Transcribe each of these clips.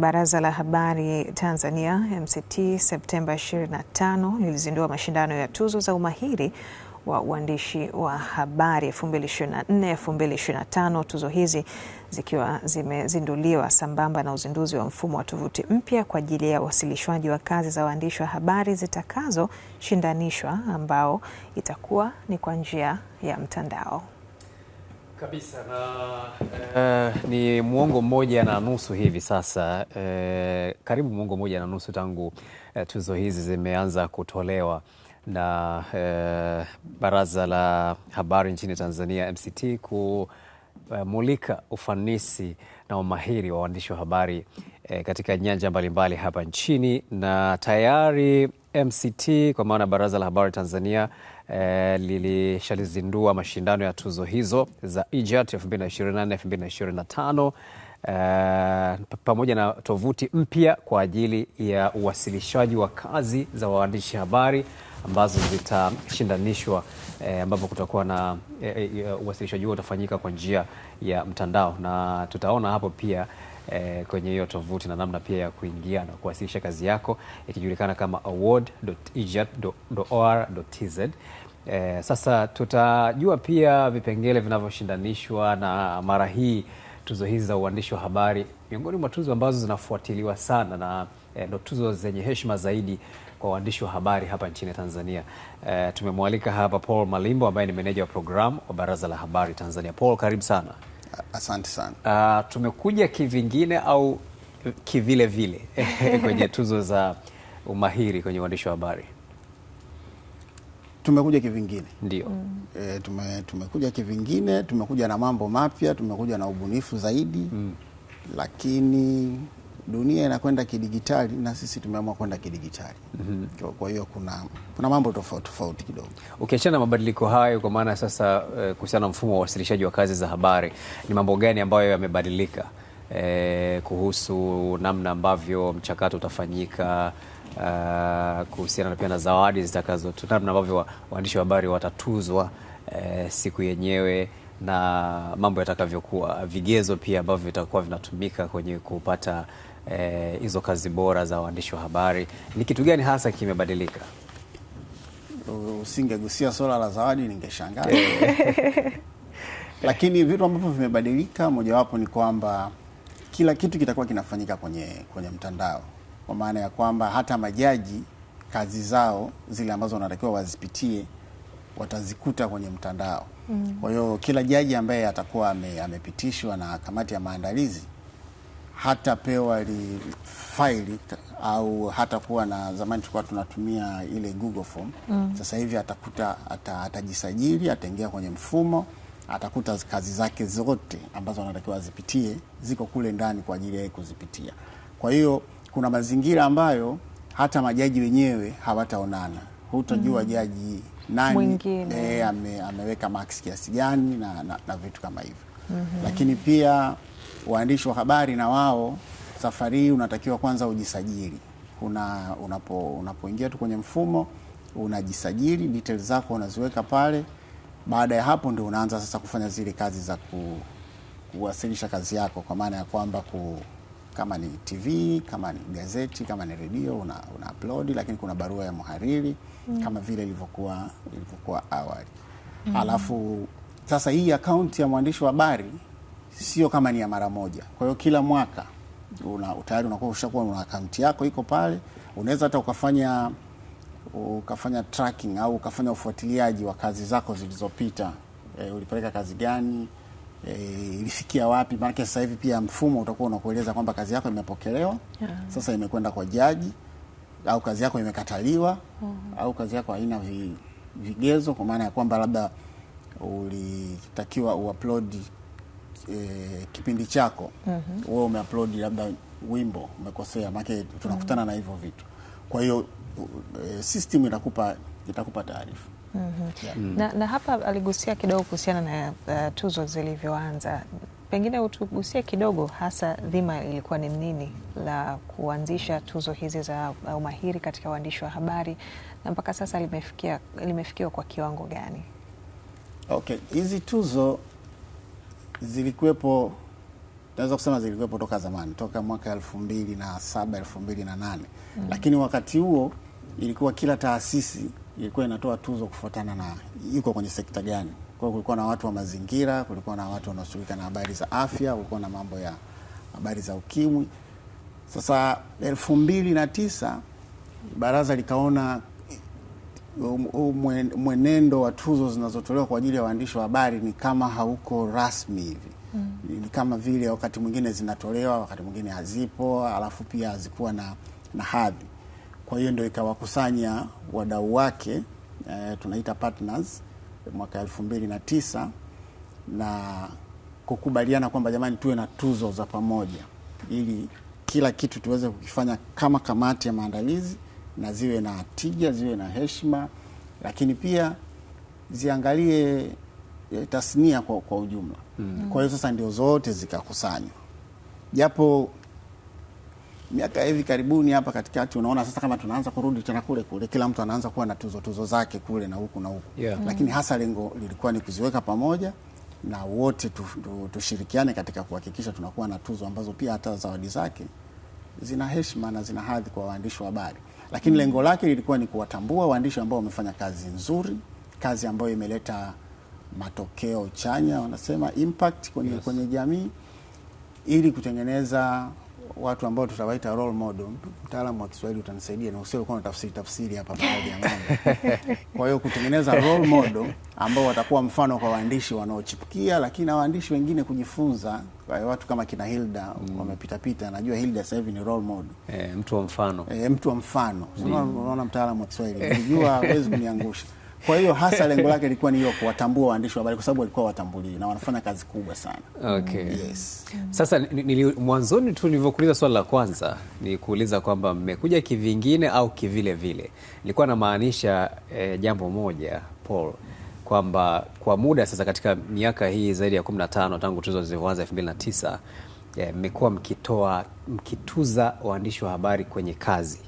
Baraza la Habari Tanzania MCT Septemba 25 lilizindua mashindano ya tuzo za umahiri wa uandishi wa habari 2024-2025, tuzo hizi zikiwa zimezinduliwa sambamba na uzinduzi wa mfumo wa tovuti mpya kwa ajili ya uwasilishwaji wa kazi za waandishi wa habari zitakazoshindanishwa ambao itakuwa ni kwa njia ya mtandao. Kabisa na uh, ni muongo mmoja na nusu hivi sasa uh, karibu muongo mmoja na nusu tangu uh, tuzo hizi zimeanza kutolewa na uh, Baraza la Habari nchini Tanzania MCT kumulika ufanisi na umahiri wa waandishi wa habari uh, katika nyanja mbalimbali hapa nchini, na tayari MCT kwa maana Baraza la Habari Tanzania eh, lilishalizindua mashindano ya tuzo hizo za IJAT 2024-2025 eh, pamoja na tovuti mpya kwa ajili ya uwasilishaji wa kazi za waandishi habari ambazo zitashindanishwa eh, ambapo kutakuwa na eh, eh uwasilishaji huo utafanyika kwa njia ya mtandao na tutaona hapo pia eh, kwenye hiyo tovuti na namna pia ya kuingia na kuwasilisha kazi yako ikijulikana kama award.ijat.or.tz. Eh, sasa tutajua pia vipengele vinavyoshindanishwa na mara hii tuzo hizi za uandishi wa habari miongoni mwa tuzo ambazo zinafuatiliwa sana na eh, ndo eh, tuzo zenye heshima zaidi kwa waandishi wa habari hapa nchini Tanzania. Eh, tumemwalika hapa Paul Malimbo ambaye ni meneja wa programu wa Baraza la Habari Tanzania. Paul, karibu sana. Asante sana. Uh, tumekuja kivingine au kivile vile kwenye tuzo za umahiri kwenye uandishi wa habari? Tumekuja kivingine, ndio. Mm. E, tume, tumekuja kivingine, tumekuja na mambo mapya, tumekuja na ubunifu zaidi mm. lakini dunia inakwenda kidigitali na sisi tumeamua kwenda kidigitali. mm -hmm. Kwa hiyo kuna, kuna mambo tofauti tofauti kidogo ukiachana okay, na mabadiliko hayo, kwa maana sasa eh, kuhusiana na mfumo wa uwasilishaji wa kazi za habari, ni mambo gani ambayo yamebadilika eh, kuhusu namna ambavyo mchakato utafanyika Uh, kuhusiana pia na zawadi zitakazo namna ambavyo waandishi wa habari watatuzwa eh, siku yenyewe na mambo yatakavyokuwa, vigezo pia ambavyo vitakuwa vinatumika kwenye kupata Eh, hizo e, kazi bora za waandishi wa habari, ni kitu gani hasa kimebadilika? Usingegusia swala la zawadi, ningeshangaa eh. lakini vitu ambavyo vimebadilika, mojawapo ni kwamba kila kitu kitakuwa kinafanyika kwenye, kwenye mtandao, kwa maana ya kwamba hata majaji kazi zao zile ambazo wanatakiwa wazipitie watazikuta kwenye mtandao. Mm. Kwa hiyo mm, kila jaji ambaye atakuwa ame, amepitishwa na kamati ya maandalizi hatapewa li faili au hata kuwa na zamani tulikuwa tunatumia ile Google Form mm. Sasa hivi atakuta ata, atajisajili ataingia kwenye mfumo atakuta kazi zake zote ambazo anatakiwa azipitie ziko kule ndani kwa ajili ya kuzipitia. Kwa hiyo kuna mazingira ambayo hata majaji wenyewe hawataonana, hutajua mm. jaji nani e, ame, ameweka max kiasi gani na, na, na vitu kama hivyo mm -hmm. Lakini pia waandishi wa habari na wao safari hii unatakiwa kwanza ujisajili. Una, unapo unapoingia tu kwenye mfumo unajisajili, details zako unaziweka pale. Baada ya hapo ndio unaanza sasa kufanya zile kazi za ku, kuwasilisha kazi yako, kwa maana ya kwamba ku, kama ni TV, kama ni gazeti, kama ni redio una, una upload, lakini kuna barua ya mhariri mm. kama vile ilivyokuwa ilivyokuwa awali mm. alafu sasa hii akaunti ya mwandishi wa habari sio kama ni ya mara moja. Kwa hiyo kila mwaka una, tayari unakuwa ushakuwa una akaunti yako iko pale, unaweza hata ukafanya ukafanya tracking au ukafanya ufuatiliaji wa kazi zako zilizopita. E, ulipeleka kazi gani? E, ilifikia wapi? Maanake sasa hivi pia mfumo utakuwa unakueleza kwamba kazi yako imepokelewa, yeah. Sasa imekwenda kwa jaji au kazi yako imekataliwa, mm -hmm. au kazi yako haina vigezo, kwa maana ya kwamba labda ulitakiwa uupload Eh, kipindi chako mhm. wewe mm -hmm. umeupload labda wimbo umekosea, maana tunakutana mm -hmm. na hivyo vitu, kwa hiyo e, system itakupa itakupa taarifa. Mhm. mm -hmm. yeah. Na, na hapa aligusia kidogo kuhusiana na uh, tuzo zilivyoanza pengine utugusie kidogo, hasa dhima ilikuwa ni nini la kuanzisha tuzo hizi za umahiri katika uandishi wa habari na mpaka sasa limefikia limefikiwa kwa kiwango gani? Okay, hizi tuzo zilikuwepo, naweza kusema zilikuwepo toka zamani, toka mwaka elfu mbili na saba elfu mbili na nane mm. Lakini wakati huo ilikuwa kila taasisi ilikuwa inatoa tuzo kufuatana na iko kwenye sekta gani. Kwa hiyo kulikuwa na watu wa mazingira, kulikuwa na watu wanaoshughulika na habari za afya, kulikuwa na mambo ya habari za ukimwi. Sasa elfu mbili na tisa baraza likaona Um, um, mwenendo wa tuzo zinazotolewa kwa ajili ya waandishi wa habari ni kama hauko rasmi hivi. Mm. Ni kama vile wakati mwingine zinatolewa, wakati mwingine hazipo, alafu pia hazikuwa na, na hadhi. Kwa hiyo ndio ikawakusanya wadau wake eh, tunaita partners mwaka elfu mbili na tisa na kukubaliana kwamba jamani, tuwe na tuzo za pamoja ili kila kitu tuweze kukifanya kama kamati ya maandalizi na ziwe na tija, ziwe na heshima, lakini pia ziangalie eh, tasnia kwa, kwa ujumla mm. Kwa hiyo sasa ndio zote zikakusanywa, japo miaka hivi karibuni hapa katikati unaona sasa kama tunaanza kurudi tena kule kule, kila mtu anaanza kuwa na tuzo tuzo zake kule na huku na huku yeah. Lakini hasa lengo lilikuwa ni kuziweka pamoja na wote tushirikiane tu, katika kuhakikisha tunakuwa na tuzo ambazo pia hata zawadi zake zina heshima na zina hadhi kwa waandishi wa habari lakini lengo lake lilikuwa ni kuwatambua waandishi ambao wamefanya kazi nzuri, kazi ambayo imeleta matokeo chanya, wanasema impact kwenye, yes. kwenye jamii ili kutengeneza watu ambao tutawaita role model. Mtaalamu wa Kiswahili utanisaidia na usio kwa tafsiri tafsiri hapa baadhi ya mambo. Kwa hiyo kutengeneza role model ambao watakuwa mfano kwa waandishi wanaochipukia, lakini na waandishi wengine kujifunza watu kama kina Hilda mm. wamepitapita. Najua Hilda sasa hivi ni role model e, mtu wa mfano e, mtu wa mfano unaona, mtaalamu wa Kiswahili unajua, huwezi kuniangusha. Kwa hiyo hasa lengo lake lilikuwa ni hiyo, kuwatambua waandishi wa habari, kwa sababu walikuwa watambulii na wanafanya kazi kubwa sana. Okay. Yes. Sasa mwanzoni tu nilivyokuuliza swali la kwanza ni kuuliza kwamba mmekuja kivingine au kivile vile, nilikuwa namaanisha eh, jambo moja Paul kwamba kwa muda sasa katika miaka hii zaidi ya 15 tangu tuzo zilivyoanza 2009 eh, mmekuwa mkitoa mkituza waandishi wa habari kwenye kazi,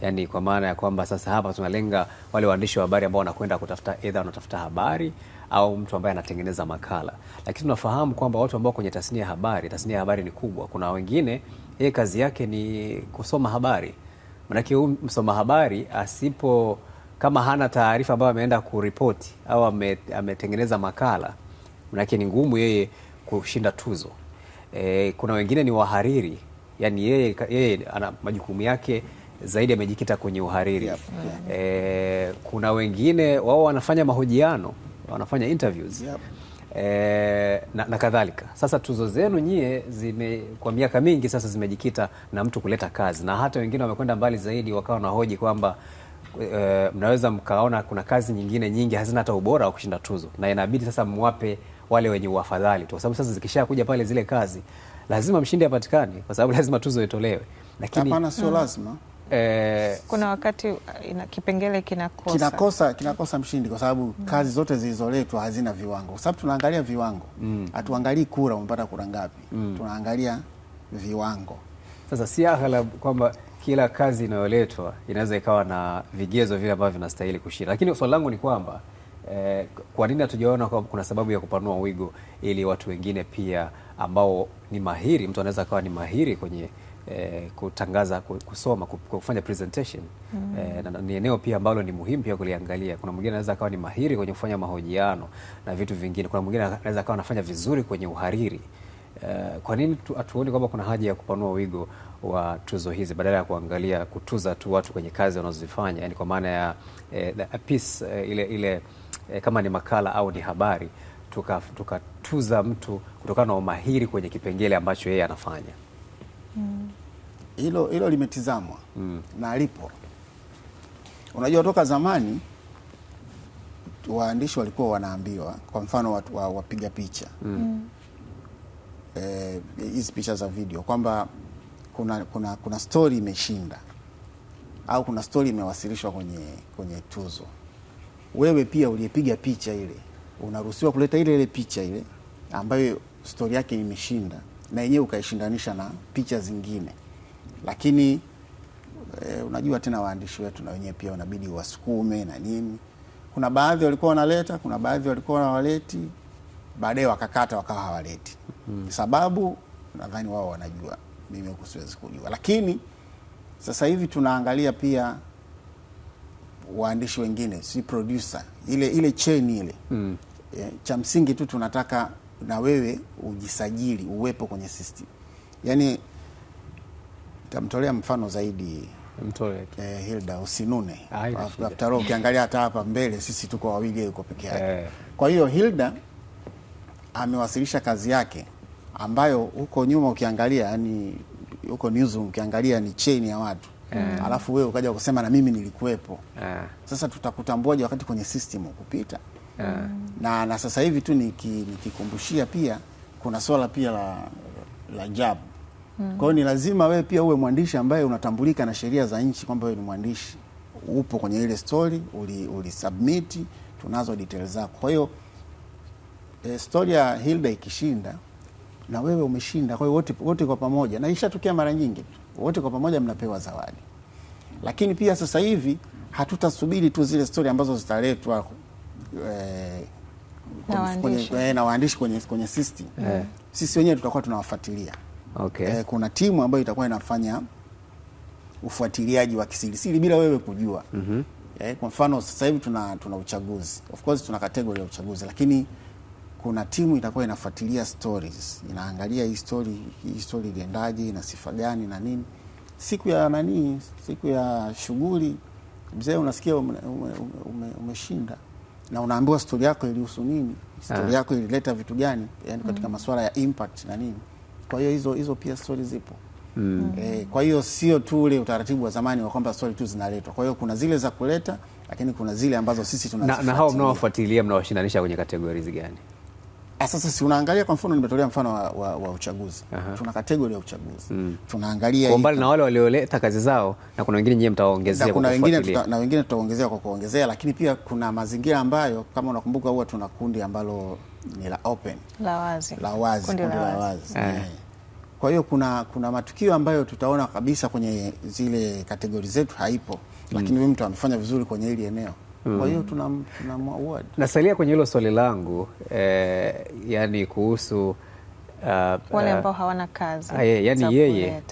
yani kwa maana ya kwamba sasa hapa tunalenga wale waandishi wa habari ambao wanakwenda kutafuta edha, wanatafuta habari au mtu ambaye anatengeneza makala, lakini tunafahamu kwamba watu ambao kwenye tasnia ya habari, tasnia ya habari ni kubwa. Kuna wengine yeye kazi yake ni kusoma habari, manake huyu msoma habari asipo kama hana taarifa ambayo ameenda kuripoti au ametengeneza makala, manake ni ngumu yeye kushinda tuzo. E, kuna wengine ni wahariri, yani yeye, yeye ana majukumu yake zaidi amejikita kwenye uhariri yep. E, kuna wengine wao wanafanya mahojiano, wanafanya interviews yep. E, na, na kadhalika. Sasa tuzo zenu nyie zime kwa miaka mingi sasa zimejikita na mtu kuleta kazi, na hata wengine wamekwenda mbali zaidi wakawa na hoji kwamba e, mnaweza mkaona kuna kazi nyingine nyingi hazina hata ubora wa kushinda tuzo, na inabidi sasa mwape wale wenye uafadhali tu, kwa sababu sasa zikisha kuja pale zile kazi lazima mshindi apatikane, kwa sababu lazima tuzo itolewe. Lakini hapana, sio hmm. lazima Eh, kuna wakati uh, ina, kipengele kinakosa kinakosa kinakosa mshindi kwa sababu mm. kazi zote zilizoletwa hazina viwango, kwa sababu tunaangalia viwango, hmm. hatuangalii kura umepata kura ngapi mm. tunaangalia viwango. Sasa si aghalab kwamba kila kazi inayoletwa inaweza ikawa na vigezo vile ambavyo vinastahili kushinda, lakini swali langu ni kwamba eh, kwa nini hatujaona kuna sababu ya kupanua wigo ili watu wengine pia ambao ni mahiri, mtu anaweza akawa ni mahiri kwenye eh, kutangaza, kusoma, kufanya presentation mm. Eh, na, ni eneo pia ambalo ni muhimu pia kuliangalia. Kuna mwingine anaweza akawa ni mahiri kwenye kufanya mahojiano na vitu vingine, kuna mwingine anaweza akawa anafanya vizuri kwenye uhariri. Eh, kwa nini hatuoni kwamba kuna haja ya kupanua wigo wa tuzo hizi badala ya kuangalia kutuza tu watu kwenye kazi wanazozifanya, yani kwa maana ya eh, piece eh, ile, ile eh, kama ni makala au ni habari tukatuza tuka mtu kutokana na umahiri kwenye kipengele ambacho yeye anafanya hmm. hilo, mm. hilo limetizamwa mm. na lipo. Unajua, toka zamani waandishi walikuwa wanaambiwa, kwa mfano wapiga wa wapiga picha hmm. eh, hizi mm. eh, picha za video kwamba kuna, kuna, kuna stori imeshinda au kuna stori imewasilishwa kwenye, kwenye tuzo, wewe pia uliyepiga picha ile unaruhusiwa kuleta ile ile picha ile ambayo stori yake imeshinda na yenyewe ukaishindanisha na picha zingine, lakini e, unajua tena waandishi wetu na wenyewe pia unabidi wasukume na nini. Kuna baadhi walikuwa wanaleta, kuna baadhi walikuwa wanawaleti, baadaye wakakata wakawa hawaleti. Hmm. Sababu nadhani wao wanajua mimi huku siwezi kujua, lakini sasa hivi tunaangalia pia waandishi wengine, si producer ile ile chain ile mm. E, cha msingi tu tunataka na wewe ujisajili uwepo kwenye system. Yani tamtolea mfano zaidi eh, Hilda usinune ah, after ukiangalia hata hapa mbele sisi tuko wawili, yuko peke yake eh. Kwa hiyo Hilda amewasilisha kazi yake ambayo huko nyuma ukiangalia, yani huko newsroom ukiangalia ni chain ya watu mm. Alafu wewe ukaja ukasema na mimi nilikuwepo yeah. Sasa tutakutambuaje wakati kwenye system ukupita yeah. Na, na sasa hivi tu nikikumbushia niki pia kuna swala pia la, la job mm. Kwa hiyo ni lazima wewe pia uwe mwandishi ambaye unatambulika na sheria za nchi kwamba wewe ni mwandishi, upo kwenye ile story ulisubmiti, uli tunazo details zako. Kwa hiyo e, story ya Hilda ikishinda mm na wewe umeshinda. Kwa hiyo wote, wote kwa pamoja, na ishatokea mara nyingi, wote kwa pamoja mnapewa zawadi. Lakini pia sasa hivi hatutasubiri tu zile stori ambazo zitaletwa eh, eh, na waandishi kwenye, kwenye kwenye system yeah. Sisi wenyewe tutakuwa tunawafuatilia okay. Eh, kuna timu ambayo itakuwa inafanya ufuatiliaji wa kisirisiri bila wewe kujua mm -hmm. Eh, kwa mfano sasa hivi tuna, tuna uchaguzi of course tuna kategori ya uchaguzi lakini kuna timu itakuwa inafuatilia stories, inaangalia hii story, hii story iliendaje, ina sifa gani na nini. Siku ya nani, siku ya shughuli, mzee, unasikia umeshinda, ume, ume, ume na unaambiwa stori yako ilihusu nini, stori ah. yako ilileta vitu gani, yani katika mm. masuala ya impact na nini. Kwa hiyo hizo hizo pia stori zipo mm. E, kwa hiyo sio tu ule utaratibu wa zamani wa kwamba stori tu zinaletwa. Kwa hiyo kuna zile za kuleta, lakini kuna zile ambazo sisi tuna na, na hao mnaowafuatilia mnawashindanisha kwenye kategorizi gani? Ah, sasa si unaangalia kwa mfano, nimetolea mfano wa, wa, wa uchaguzi. Aha. Tuna kategori ya uchaguzi mm. Tunaangalia kwa mbali na wale walioleta kazi zao, na kuna wengine nyie mtawaongezea, kuna wengine tuta, na wengine tutaongezea kwa kuongezea, lakini pia kuna mazingira ambayo kama unakumbuka, huwa tuna kundi ambalo ni la open la wazi la wazi kundi la wazi eh. kwa hiyo kuna, kuna matukio ambayo tutaona kabisa kwenye zile kategori zetu haipo, lakini mm. mtu amefanya vizuri kwenye hili eneo Mm. Kwa hiyo tuna, tuna award. Nasalia kwenye hilo swali langu eh, yani kuhusu uh, wale uh, ambao hawana kazi. Ah, yeah, yani yeye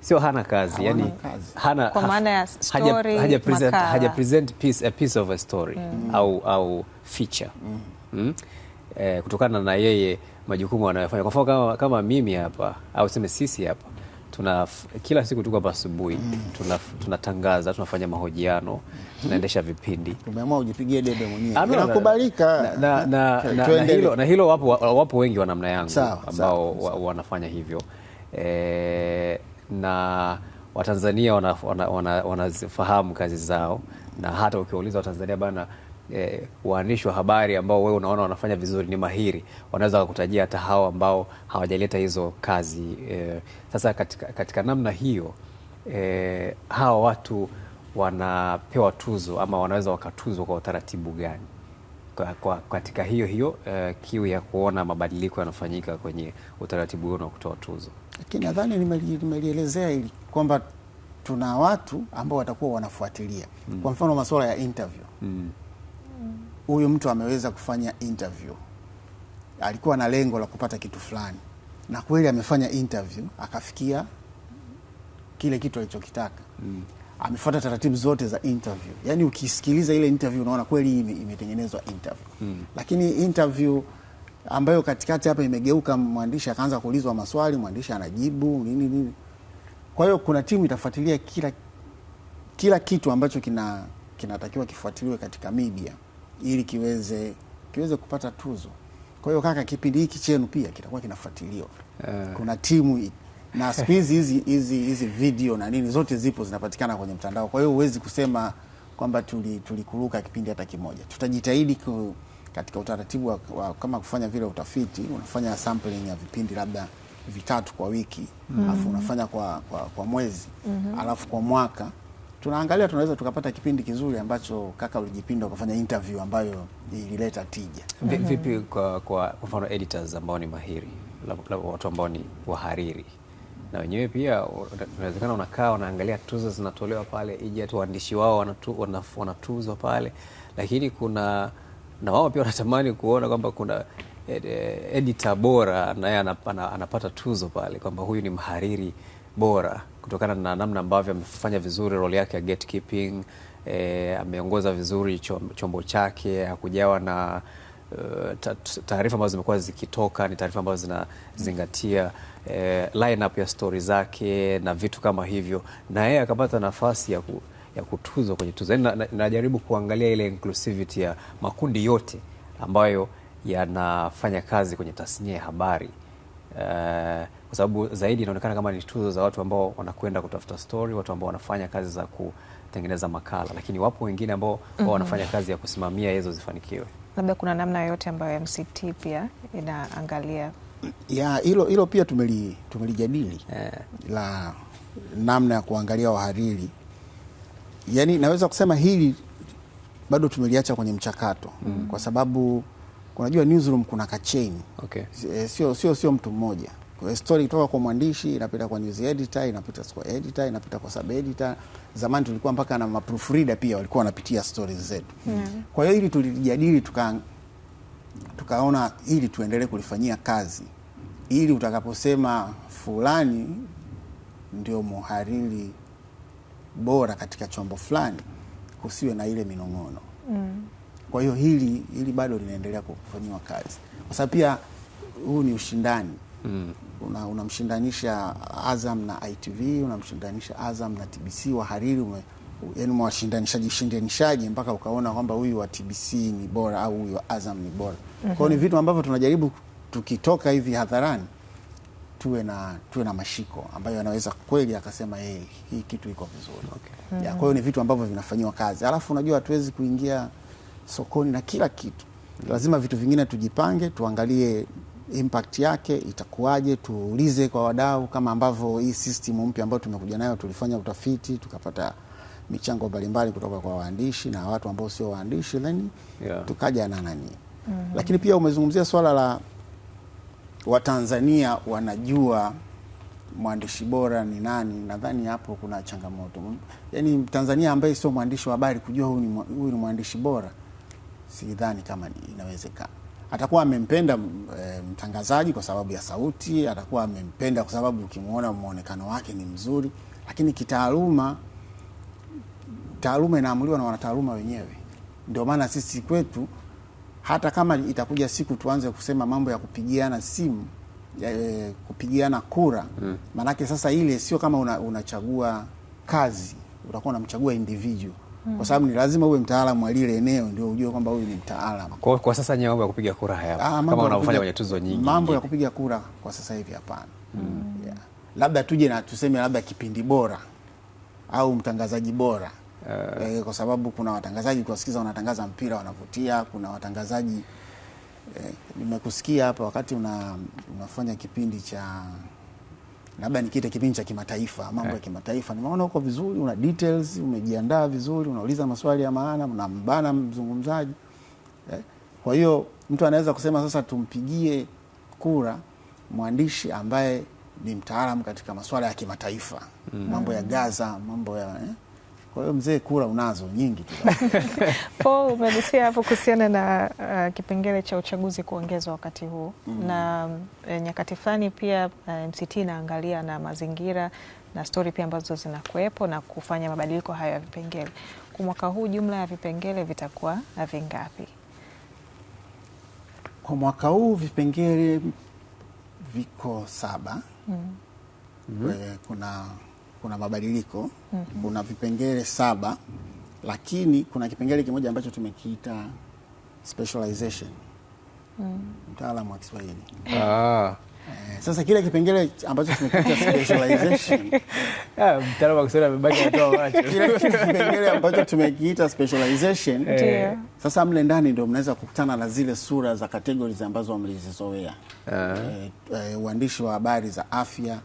sio hana kazi, yani kazi. Hana, kwa maana ya story haja, haja present, makala. haja present piece, a piece of a story mm. mm. au, au feature mm. Mm? Eh, kutokana na yeye majukumu anayofanya kwa mfano kama, kama mimi hapa au seme sisi hapa mm tuna kila siku tuko hapa asubuhi mm. tunatangaza tuna, tunafanya mahojiano mm tunaendesha vipindi. Umeamua ujipigie debe mwenyewe. Ah, Inakubalika. Na, na, na, na, na, hilo, na hilo wapo, wapo wengi wa namna yangu ambao sao, sao. wanafanya hivyo e, na Watanzania wanafahamu wana, wana, wana kazi zao na hata ukiwauliza Watanzania bana eh, waandishi wa habari ambao wewe unaona wanafanya vizuri ni mahiri, wanaweza kukutajia hata hao ambao hawajaleta hizo kazi eh. Sasa katika, katika namna hiyo eh, hawa watu wanapewa tuzo ama wanaweza wakatuzwa kwa utaratibu gani? Kwa, kwa, katika hiyo hiyo eh, kiu ya kuona mabadiliko yanafanyika kwenye utaratibu huo wa kutoa tuzo, lakini nadhani nimelielezea hili kwamba tuna watu ambao watakuwa wanafuatilia mm. Kwa mfano masuala ya interview mm huyu mtu ameweza kufanya interview, alikuwa na lengo la kupata kitu fulani, na kweli amefanya interview akafikia kile kitu alichokitaka mm. Amefuata taratibu zote za interview, yaani ukisikiliza ile interview unaona kweli hii imetengenezwa interview mm. Lakini interview ambayo katikati hapa imegeuka, mwandishi akaanza kuulizwa maswali, mwandishi anajibu nini nini. Kwa hiyo kuna timu itafuatilia kila kila kitu ambacho kina kinatakiwa kifuatiliwe katika media. Mm ili kiweze kiweze kupata tuzo. Kwa hiyo kaka, kipindi hiki chenu pia kitakuwa kinafuatiliwa. Uh, kuna timu na siku hizi hizi hizi hizi video na nini zote zipo zinapatikana kwenye mtandao. Kwa hiyo huwezi kusema kwamba tulikuruka tuli kipindi hata kimoja. Tutajitahidi ku, katika utaratibu wa, wa, kama kufanya vile utafiti, unafanya sampling ya vipindi labda vitatu kwa wiki mm -hmm. alafu unafanya kwa, kwa, kwa mwezi mm -hmm. alafu kwa mwaka tunaangalia tunaweza tukapata kipindi kizuri ambacho kaka ulijipinda ukafanya interview ambayo ilileta tija. Mm-hmm. Vipi kwa kwa mfano editors ambao ni mahiri, watu ambao ni wahariri na wenyewe pia unawezekana unakaa unaangalia tuzo zinatolewa pale, ije tu waandishi wao wanatuzwa pale, lakini kuna na wao pia wanatamani kuona kwamba kuna ed, editor bora naye anapata tuzo pale, kwamba huyu ni mhariri bora kutokana na namna ambavyo amefanya vizuri role yake ya gatekeeping. E, ameongoza vizuri chombo chake, hakujawa na uh, taarifa ambazo zimekuwa zikitoka ni taarifa ambazo zinazingatia e, eh, lineup ya stori zake na vitu kama hivyo, na yeye akapata nafasi ya, ku, ya kutuzwa kwenye tuzo. najaribu yaani na, na kuangalia ile inclusivity ya makundi yote ambayo yanafanya kazi kwenye tasnia ya habari. Eh, kwa sababu zaidi inaonekana kama ni tuzo za watu ambao wanakwenda kutafuta story, watu ambao wanafanya kazi za kutengeneza makala, lakini wapo wengine ambao mm -hmm. wanafanya kazi ya kusimamia hizo zifanikiwe. Labda kuna namna yoyote ambayo MCT pia inaangalia ya hilo hilo pia tumeli tumelijadili yeah. la namna ya kuangalia wahariri, yaani naweza kusema hili bado tumeliacha kwenye mchakato mm. kwa sababu unajua newsroom kuna kachain okay. Eh, sio sio sio mtu mmoja. Kwa story kutoka kwa mwandishi inapita kwa news editor, inapita kwa editor, inapita kwa sub editor. Zamani tulikuwa mpaka na proofreader pia walikuwa wanapitia stories zetu yeah. Kwa hiyo hili tulijadili, tuka tukaona hili tuendelee kulifanyia kazi ili utakaposema fulani ndio muhariri bora katika chombo fulani kusiwe na ile minong'ono mm. Kwa hiyo hili hili bado linaendelea kufanyiwa kazi, kwa sababu pia huu ni ushindani mm. Unamshindanisha una Azam na ITV, unamshindanisha Azam na TBC, wahariri yaani mwashindanishaji shindanishaji mpaka ukaona kwamba huyu wa TBC ni bora au huyu wa Azam ni bora mm -hmm. Kwao ni mhm. vitu ambavyo tunajaribu tukitoka hivi hadharani tuwe na tuwe na mashiko ambayo anaweza kweli akasema yeye hii kitu iko vizuri okay. mm -hmm. Kwa hiyo ni vitu ambavyo vinafanyiwa kazi, alafu unajua hatuwezi kuingia sokoni na kila kitu. Lazima vitu vingine tujipange, tuangalie impact yake itakuwaje, tuulize kwa wadau, kama ambavyo hii system mpya ambayo tumekuja nayo tulifanya utafiti tukapata michango mbalimbali kutoka kwa waandishi na watu ambao sio waandishi then yeah. tukaja na nani mm -hmm. Lakini pia umezungumzia swala la Watanzania wanajua mwandishi bora ni nani. Nadhani hapo kuna changamoto, yaani tanzania ambaye sio mwandishi wa habari kujua huyu ni mwandishi bora sidhani kama inawezekana. Atakuwa amempenda e, mtangazaji kwa sababu ya sauti, atakuwa amempenda kwa sababu ukimwona mwonekano wake ni mzuri, lakini kitaaluma, taaluma inaamuliwa na wanataaluma wenyewe. Ndio maana sisi kwetu hata kama itakuja siku tuanze kusema mambo ya kupigiana simu e, kupigiana kura mm. Maanake sasa ile sio kama una, unachagua kazi, utakuwa unamchagua individual. Mm. kwa sababu ni lazima uwe mtaalamu wa lile eneo ndio ujue kwamba huyu ni mtaalamu. Kwa, kwa sasa nyewe mambo ya kupiga kura hayapo ah, kama unavyofanya kwenye tuzo nyingi. Mambo ya kupiga kura kwa sasa hivi hapana. mm. mm. yeah. labda tuje na tuseme labda kipindi bora au mtangazaji bora uh. kwa sababu kuna watangazaji kuwasikiza wanatangaza mpira wanavutia, kuna watangazaji eh, nimekusikia hapa wakati una, unafanya kipindi cha labda nikiita kipindi cha kimataifa, mambo ya eh. kimataifa, nimeona uko vizuri, una details, umejiandaa vizuri, unauliza maswali ya maana, unambana mzungumzaji eh? Kwa hiyo mtu anaweza kusema sasa tumpigie kura mwandishi ambaye ni mtaalamu katika masuala ya kimataifa mm. mambo ya Gaza, mambo ya eh? Kwa hiyo mzee, kura unazo nyingi tu. Paul, umegusia hapo kuhusiana na uh, kipengele cha uchaguzi kuongezwa wakati huu mm. na e, nyakati fulani pia uh, eh, MCT inaangalia na mazingira na stori pia ambazo zinakuwepo na kufanya mabadiliko hayo ya vipengele. Kwa mwaka huu jumla ya vipengele vitakuwa eh, vingapi? Kwa mwaka huu vipengele viko saba. mm. -hmm. kuna kuna mabadiliko mm -hmm. Kuna vipengele saba, lakini kuna kipengele kimoja ambacho tumekiita specialization mm. Mtaalamu wa Kiswahili ah. Eh, sasa kile kipengele ambacho tumekiita specialization ah, mtaalamu wa Kiswahili amebaki kutoa macho. Kile kipengele ambacho tumekiita specialization yeah. Sasa mle ndani ndio mnaweza kukutana na zile sura za categories ambazo mlizizoea ah. Eh, eh, uandishi wa habari za afya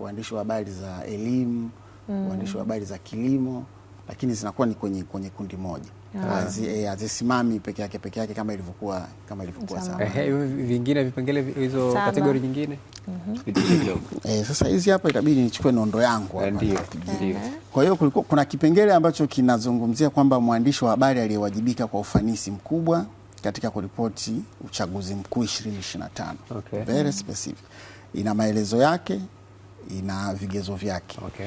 waandishi wa habari za elimu mm. waandishi wa habari za kilimo, lakini zinakuwa ni kwenye, kwenye kundi moja ah. eh, hazisimami yeah. peke yake peke yake kama ilivyokuwa kama ilivyokuwa sana. Eh, eh, vingine vipengele hizo kategori nyingine mhm. eh, sasa hizi hapa itabidi nichukue nondo yangu hapa. Eh. Ndio. Kwa hiyo kulikuwa kuna kipengele ambacho kinazungumzia kwamba mwandishi wa habari aliyewajibika kwa ufanisi mkubwa katika kuripoti uchaguzi mkuu 2025. Okay. Very specific. Ina maelezo yake ina vigezo vyake okay.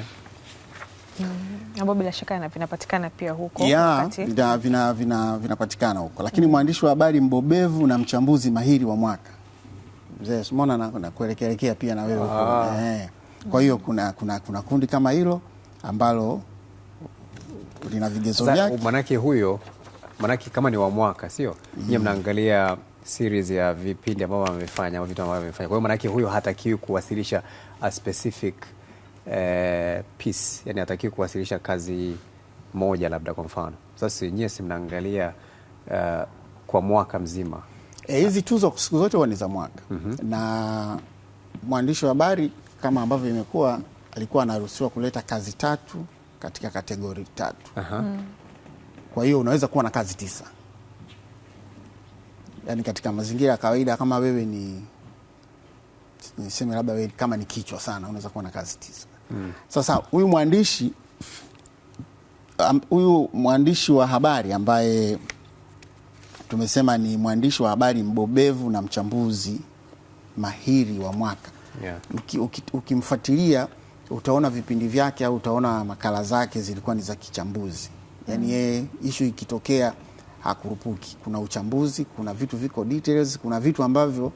Ambao mm, bila shaka vinapatikana pia huko yeah, vina, vina, vina, vinapatikana huko lakini mwandishi wa habari mbobevu na mchambuzi mahiri wa mwaka mzee Simona na, na pia na wewe ah. Eh, kwa hiyo kuna, kuna, kuna kundi kama hilo ambalo lina vigezo vyake. Manake huyo manake kama ni wa mwaka sio nyie, mm-hmm. mnaangalia series ya vipindi ambavyo amefanya au vitu ambavyo amefanya, kwa hiyo manake huyo hatakiwi kuwasilisha a specific uh, piece, yani hatakiwi kuwasilisha kazi moja labda kwa mfano. Sasa nyie simnaangalia uh, eh, kwa mwaka mzima eh, hizi e, tuzo siku zote huwa ni za mwaka mm -hmm. na mwandishi wa habari kama ambavyo imekuwa alikuwa anaruhusiwa kuleta kazi tatu katika kategori tatu. uh -huh. Mm. Kwa hiyo unaweza kuwa na kazi tisa, yaani katika mazingira ya kawaida kama wewe ni niseme labda wewe kama ni kichwa sana, unaweza kuwa na kazi tisa. Mm. Sasa huyu mwandishi huyu um, mwandishi wa habari ambaye tumesema ni mwandishi wa habari mbobevu na mchambuzi mahiri wa mwaka yeah. Uki, uki, utaona vipindi vyake au utaona makala zake zilikuwa ni za kichambuzi, yaani hmm. yeye issue ikitokea hakurupuki. Kuna uchambuzi, kuna vitu viko details, kuna vitu ambavyo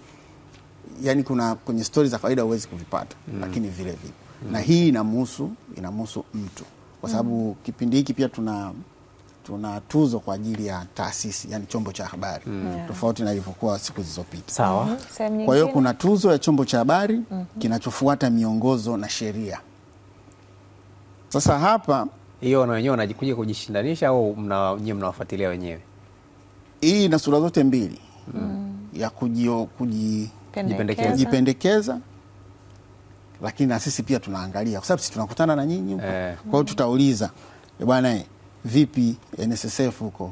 yani kuna kwenye stori za kawaida huwezi kuvipata mm. lakini vile vile mm. na hii inamhusu inamhusu mtu kwa sababu mm. kipindi hiki pia tuna tuna tuzo kwa ajili ya taasisi yani chombo cha habari mm. yeah. tofauti na ilivyokuwa siku zilizopita. Sawa. Mm-hmm. Kwa hiyo kuna tuzo ya chombo cha habari mm -hmm. kinachofuata miongozo na sheria. Sasa hapa hiyo na wenyewe wanajikuja kujishindanisha au mna nyinyi mnawafuatilia wenyewe? Hii ina sura zote mbili mm. ya kujio, kuji jipendekeza, jipendekeza lakini na sisi pia tunaangalia kwa sababu sisi tunakutana na nyinyi huko eh. Kwa hiyo tutauliza e bwana, eh, vipi NSSF huko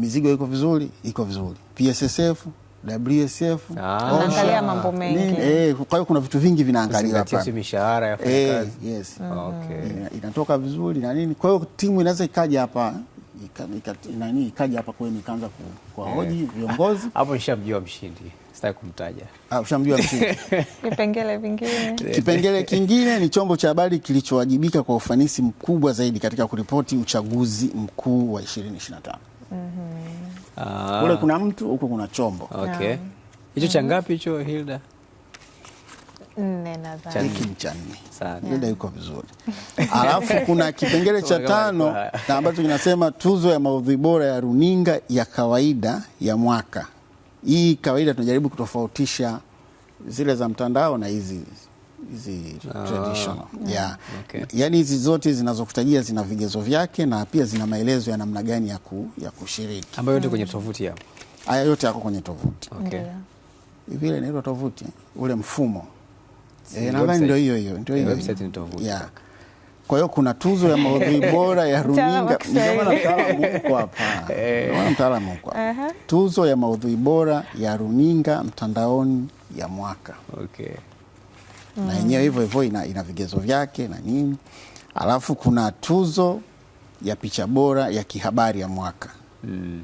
mizigo iko vizuri? Iko vizuri. PSSF, WSF, ah. naangalia mambo mengi eh. Kwa hiyo kuna vitu vingi vinaangaliwa hapa, mishahara ya eh, kazi, yes, ah, okay, inatoka vizuri na nini. Kwa hiyo timu inaweza ikaja hapa nani ikaja hapa kwenu ikaanza kuwahoji yeah. viongozi hapo. Nishamjua mshindi, sitaki kumtaja. Ah, ushamjua mshindi kipengele vingine. Kipengele kingine ni chombo cha habari kilichowajibika kwa ufanisi mkubwa zaidi katika kuripoti uchaguzi mkuu wa 2025. mm -hmm. Kule kuna mtu huko kuna chombo okay. hicho. okay. yeah. cha mhm. ngapi hicho Hilda? hiki ni cha nne. yuko vizuri. Alafu kuna kipengele cha tano na ambacho kinasema tuzo ya maudhui bora ya runinga ya kawaida ya mwaka. Hii kawaida tunajaribu kutofautisha zile za mtandao na hizi hizi oh, yeah. Okay. Yaani hizi zote zinazokutajia zina vigezo vyake na pia zina maelezo ya namna gani ya, ku, ya kushiriki ambayo yote kwenye tovuti hapo. Haya yote yako kwenye tovuti. Okay. Vile inaitwa tovuti ule mfumo Eh, nadhani ndio hiyo hiyo ndio eh, hiyo Kwa hiyo kuna tuzo ya maudhui bora ya runinga. Mtaalamu huko hapa, eh. uh-huh. tuzo ya maudhui bora ya runinga mtandaoni ya mwaka okay. na yenyewe hivyo hivyo ina, ina vigezo vyake na nini, alafu kuna tuzo ya picha bora ya kihabari ya mwaka mm.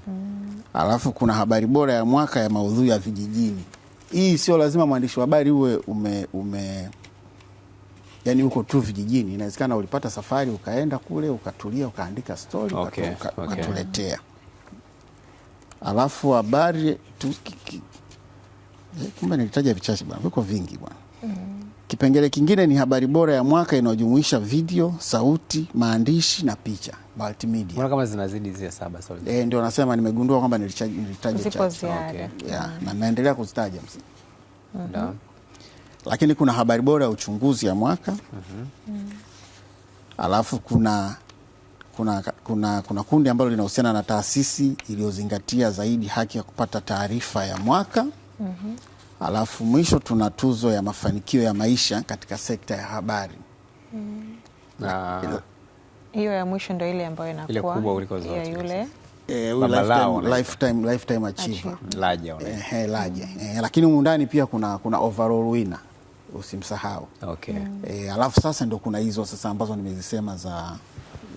alafu kuna habari bora ya mwaka ya maudhui ya vijijini hii sio lazima mwandishi wa habari uwe ume, ume yani uko tu vijijini, inawezekana ulipata safari ukaenda kule ukatulia ukaandika story okay, ukatuletea okay. Alafu habari tu kumbe nilitaja vichache bwana, viko vingi bwana mm. Kipengele kingine ni habari bora ya mwaka inayojumuisha video, sauti, maandishi na picha multimedia. Mbona kama zinazidi zile saba sorry. Eh, ndio nasema nimegundua kwamba nilitaja chache. Okay. Yeah, mm. na naendelea kuzitaja msi. Mm -hmm. Lakini kuna habari bora ya uchunguzi ya mwaka. Mm-hmm. Mm -hmm. Alafu kuna kuna, kuna, kuna kundi ambalo linahusiana na taasisi iliyozingatia zaidi haki ya kupata taarifa ya mwaka. Mm -hmm. Alafu mwisho tuna tuzo ya mafanikio ya maisha katika sekta ya habari mm. na hiyo ya mwisho ndio ile ambayo inakuwa kubwa kuliko zote yule E, lifetime, lifetime, lifetime achiever laja, e, laja. Mm. E, lakini humu ndani pia kuna, kuna overall winner usimsahau. Okay. Mm. E, alafu sasa ndo kuna hizo sasa ambazo nimezisema za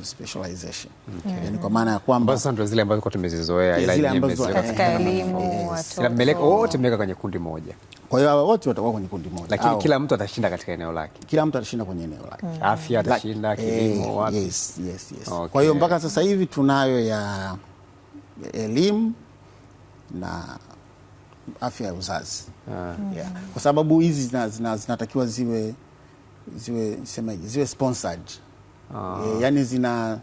specialization okay. Yani kwa maana ya kwamba basi ndio zile ambazo kwa tumezizoea zile ambazo katika elimu watu mmeweka wote mmeweka kwenye kundi moja, kwa hiyo wote watakuwa kwenye kundi moja, lakini kila mtu atashinda katika eneo lake, kila mtu atashinda kwenye eneo lake, Mm. afya atashinda, kilimo eh, wapi. Yes, yes, yes. Okay. Kwa hiyo mpaka sasa hivi tunayo ya elimu na afya ya uzazi Ah. Mm. yeah. Kwa sababu hizi zinatakiwa zina, zina ziwe ziwe semaje, ziwe sponsored e, yani zina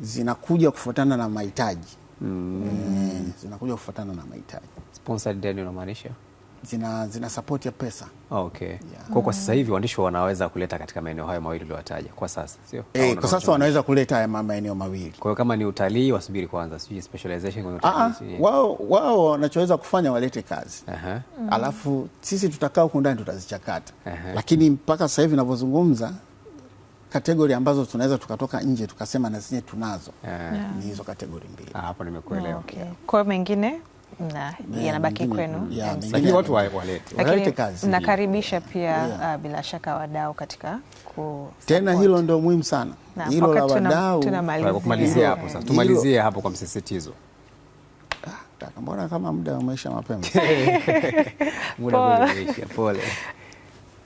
zinakuja kufuatana na mahitaji mm. E, zinakuja kufuatana na mahitaji. Sponsored deal unamaanisha? Zina, zina support ya pesa. Ah, okay. Yeah. Kwa kwa sasa hivi waandishi wanaweza kuleta katika maeneo hayo mawili uliyotaja kwa sasa, sio? Eh, kwa sasa wanaweza kuleta haya maeneo mawili. Kwa hiyo kama ni utalii wasubiri kwanza, sio specialization kwenye utalii. Ah, wao wao wanachoweza kufanya walete kazi. Uh -huh. Alafu sisi tutakaa huko ndani tutazichakata. Uh -huh. Lakini mpaka sasa hivi ninavyozungumza kategori ambazo tunaweza tukatoka nje tukasema na zenyewe tunazo eh. yeah. Ni hizo kategori mbili. Ah, hapo nimekuelewa. Oh, okay. Kwa mengine na eh, yanabaki kwenu, lakini watu walete walete kazi. Nakaribisha pia yeah. Uh, bila shaka wadau katika ku tena hilo ndio muhimu sana na, hilo la wadau tunamalizia hapo sasa, tumalizie hapo kwa msisitizo ah, mbona kama muda umeisha mapema muda umeisha pole,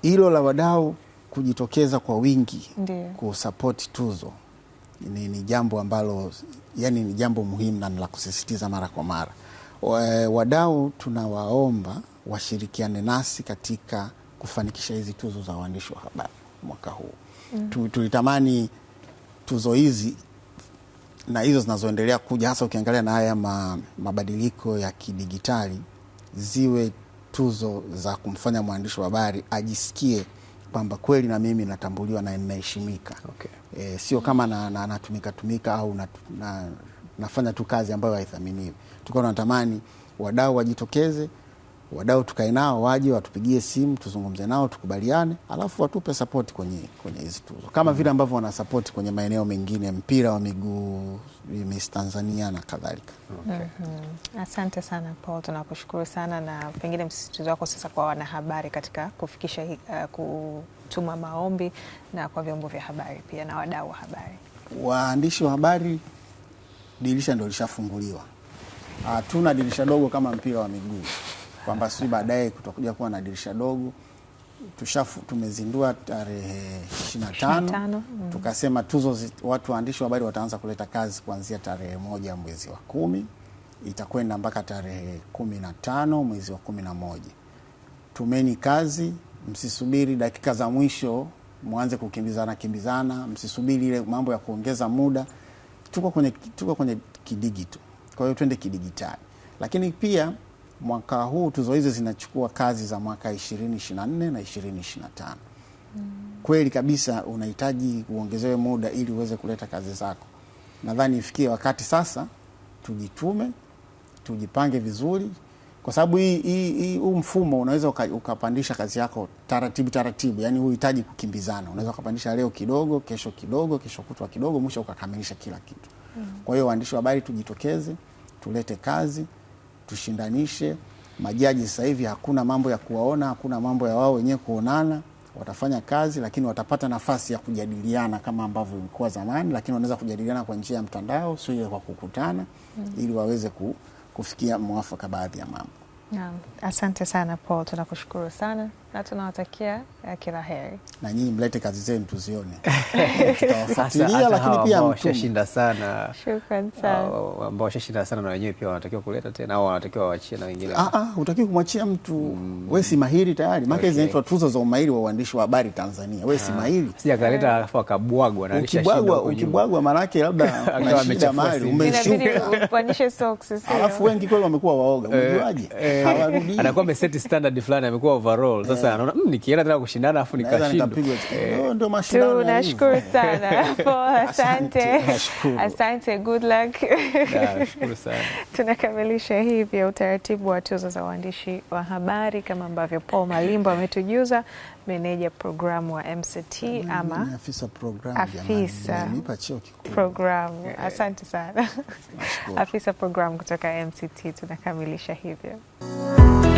hilo la wadau kujitokeza kwa wingi kusapoti tuzo ni, ni jambo ambalo yani ni jambo muhimu na la kusisitiza mara kwa mara. Wadau tunawaomba washirikiane nasi katika kufanikisha hizi tuzo za waandishi wa habari mwaka huu mm. Tulitamani tuzo hizi na hizo zinazoendelea kuja, hasa ukiangalia na haya ma, mabadiliko ya kidigitali ziwe tuzo za kumfanya mwandishi wa habari ajisikie kwamba kweli na mimi natambuliwa na ninaheshimika. Okay. E, sio kama na, na, natumika tumika au na, na, nafanya tu kazi ambayo haithaminiwi. Tuko natamani wadau wajitokeze wadau tukae nao waje watupigie simu tuzungumze nao tukubaliane, alafu watupe sapoti kwenye kwenye hizi tuzo kama mm vile ambavyo wana sapoti kwenye maeneo mengine mpira wa miguu Miss Tanzania na kadhalika. okay. mm -hmm. Asante sana Paul, tunakushukuru sana na pengine msisitizo wako sasa kwa wanahabari katika kufikisha uh, kutuma maombi na kwa vyombo vya habari pia na wadau wa habari. Waandishi wa habari dirisha ndio lishafunguliwa, hatuna dirisha dogo kama mpira wa miguu kwamba sijui baadaye kutakuja kuwa na dirisha dogo tushafu, tumezindua tarehe 25 mm. Tukasema tuzo zi, watu waandishi wa habari wataanza kuleta kazi kuanzia tarehe moja mwezi wa kumi itakwenda mpaka tarehe kumi na tano mwezi wa kumi na moja. Tumeni kazi, msisubiri dakika za mwisho mwanze kukimbizana kimbizana, msisubiri ile mambo ya kuongeza muda. Tuko kwenye, tuko kwenye kidigito, kwa hiyo twende kidigitali, lakini pia mwaka huu tuzo hizo zinachukua kazi za mwaka 2024 na 2025. Mm. Kweli kabisa unahitaji uongezewe muda ili uweze kuleta kazi zako. Nadhani ifikie wakati sasa tujitume, tujipange vizuri kwa sababu hii hii huu mfumo unaweza ukapandisha kazi yako taratibu taratibu, yani huhitaji kukimbizana. Unaweza ukapandisha leo kidogo, kesho kidogo, kesho kutwa kidogo, mwisho ukakamilisha kila kitu. Mm. Kwa hiyo waandishi wa habari tujitokeze, tulete kazi tushindanishe majaji. Sasa hivi hakuna mambo ya kuwaona, hakuna mambo ya wao wenyewe kuonana, watafanya kazi, lakini watapata nafasi ya kujadiliana kama ambavyo ilikuwa zamani, lakini wanaweza kujadiliana kwa njia ya mtandao, sio ile kwa kukutana mm. ili waweze ku, kufikia mwafaka baadhi ya mambo. Naam, asante sana Paul, tunakushukuru sana na tunawatakia kila heri, na nyinyi mlete kazi zenu tuzione, tutawafuatilia lakini pia washashinda sana, shukrani sana ambao washashinda sana, na wenyewe pia wanatakiwa kuleta tena au wanatakiwa waachie na wengine. Ah, ah, utakiwa kumwachia mtu mm. Wewe si mahiri tayari, maana okay. Zinaitwa tuzo za umahiri wa uandishi wa habari Tanzania. Wewe si ah, mahiri, si akaleta alafu akabwagwa na ukibwagwa, ukibwagwa maana yake labda una shida mali, umeshuka upandishe socks, alafu wengi kweli wamekuwa waoga, eh, unajuaje? Eh. Hawarudi, Anakuwa ameseti standard fulani, amekuwa overall sasa sasa mm, nikienda tena kushindana afu nikashindwa. Eh. Ndio mashindano. Tunashukuru sana. Asante. Asante, good luck. Nashukuru sana. Tunakamilisha hivyo utaratibu wa tuzo za waandishi wa habari kama ambavyo Paul Malimbo ametujuza, meneja programu wa MCT ama afisa programu. Afisa programu. Eh. Asante sana. Afisa programu kutoka MCT tunakamilisha hivyo.